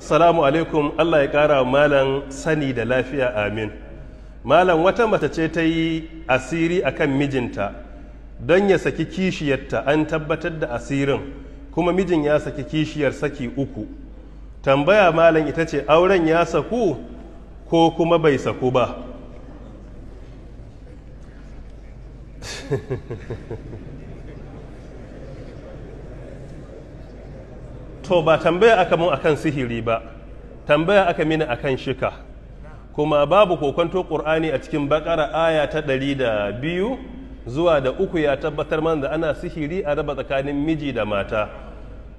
Salamu alaikum Allah ya ƙara malam sani da lafiya amin. Malam wata mata ce ta yi asiri a kan mijinta don ya saki kishiyarta an tabbatar da asirin kuma mijin ya saki kishiyar saki uku. Tambaya malam ita ce auren ya saku ko kuma bai saku ba. to ba tambaya aka mun akan sihiri ba tambaya aka mini akan shika kuma babu kokonto ƙur'ani a cikin bakara aya ta ɗari da biyu zuwa da uku ya tabbatar man da ana sihiri a raba tsakanin miji da mata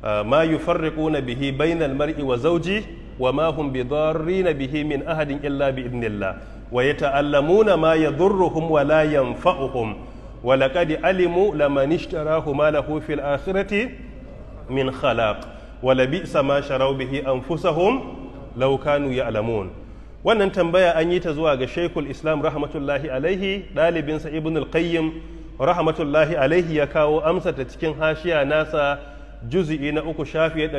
uh, ma na bihi bainal mar'i wa zauji wa ma hum na bihi min ahadin illa bi idnillah wa yata'allamuna ma yadhurruhum wa la yanfa'uhum wa laqad alimu laman ishtarahu ma lahu fil akhirati min khalaq wala bi sama sharaw bihi anfusahum law kanu wannan tambaya an yi ta zuwa ga shaikul Islam rahmatullahi alaihi ɗalibinsa Ibn al rahmatullahi alaihi ya kawo amsa ta cikin hashiya nasa juzi'i na uku shafi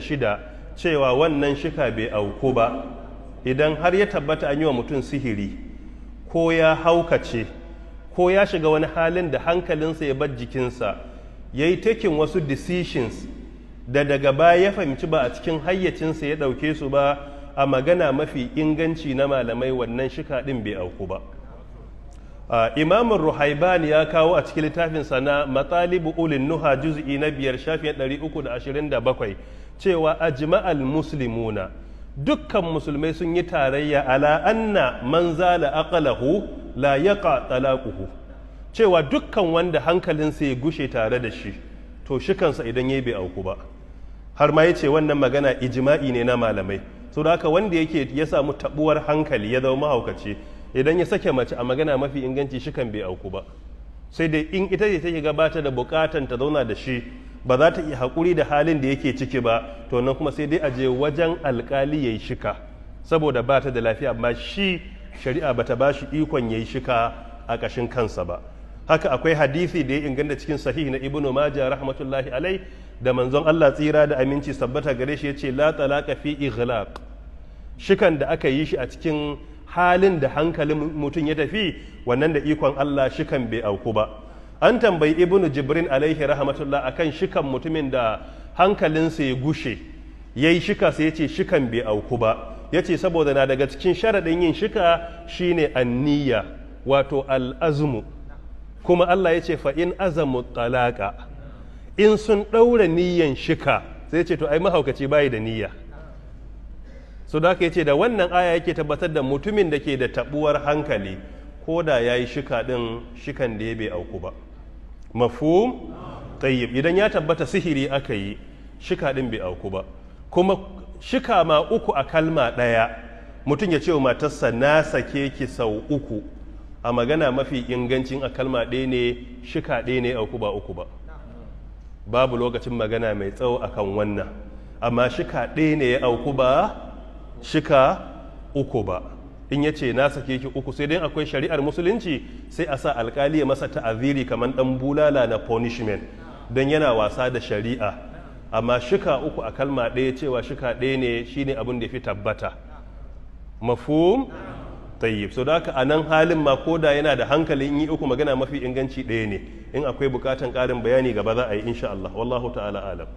shida. cewa wannan shika bai auku ba idan har ya tabbata an yi wa mutum sihiri ko ya haukace ko ya shiga wani halin da hankalinsa ya bar jikinsa ya yi taking wasu decisions da daga baya ya fahimci ba a cikin hayyacinsa ya ɗauke su ba a magana mafi inganci na malamai wannan shika ɗin bai auku ba imamun ruhaibani ya kawo a cikin littafinsa na matsalibu ulin nuha juz'i na biyar shafin bakwai. cewa a jima'al musulmuna dukkan musulmai sun yi tarayya ala anna man zala aqlahu la yaqa talaquhu cewa dukkan wanda hankalinsa ya gushe tare da shi to shikansa idan ya bai auku ba har ma ce wannan magana ijma'i ne na malamai so da haka wanda yake ya samu tabuwar hankali ya zama mahaukaci idan ya sake mace a magana mafi inganci shi kan bai auku ba sai dai in ita ce take gabata da bukatan ta zauna da shi ba za ta iya hakuri da halin da yake ciki ba to nan kuma sai dai a je wajen alkali yayi shika saboda ba ta da lafiya amma shi shari'a ba ta ba shi ikon yayi shika a kashin kansa ba haka akwai hadisi da ya inganta cikin sahihi na ibnu majah rahmatullahi alai da manzon Allah tsira da aminci sabbata gare shi yace la talaka fi ighlaq shikan da aka yi shi a cikin halin da hankalin mutum ya tafi wannan da ikon Allah shikan bai auku ba an tambayi ibnu jibrin alaihi rahmatullah akan shikan mutumin da hankalin sa ya gushe yayi shika sai yace shikan bai auku ba yace saboda na daga cikin sharaɗin yin shika shine anniya wato al'azmu kuma Allah yace fa in azamu talaka in sun ɗaura niyan shika sai ce to ai mahaukaci bayi da niyya so da ce da wannan aya yake tabbatar da mutumin da ke da tabuwar hankali ko da ya yi shika ɗin shikan da ya bai auku ba Mafu, tayyib idan ya tabbata sihiri aka yi shika ɗin bai auku ba kuma shika ma uku a kalma ɗaya mutum ya ce wa matarsa na sake ki sau uku a magana mafi ingancin a kalma ɗaya ne shika ɗaya ne auku ba uku ba babu lokacin magana mai tsawo akan wannan amma shika ɗaya ne ya auku ba shika uku ba in ya ce na sake ki uku sai dai akwai shari'ar musulunci sai a sa alkali ya masa ta'aziri kamar ɗan bulala na punishment don yana wasa da shari'a amma shika uku a kalma ɗaya cewa shika ɗaya ne shine abin da ya fi tabbata mafhum tayyib so da haka a nan halin ma ko da yana da hankalin yi uku magana mafi inganci ɗaya ne in akwai bukatan ƙarin bayani gaba za a yi insha Allah wallahu ta'ala alam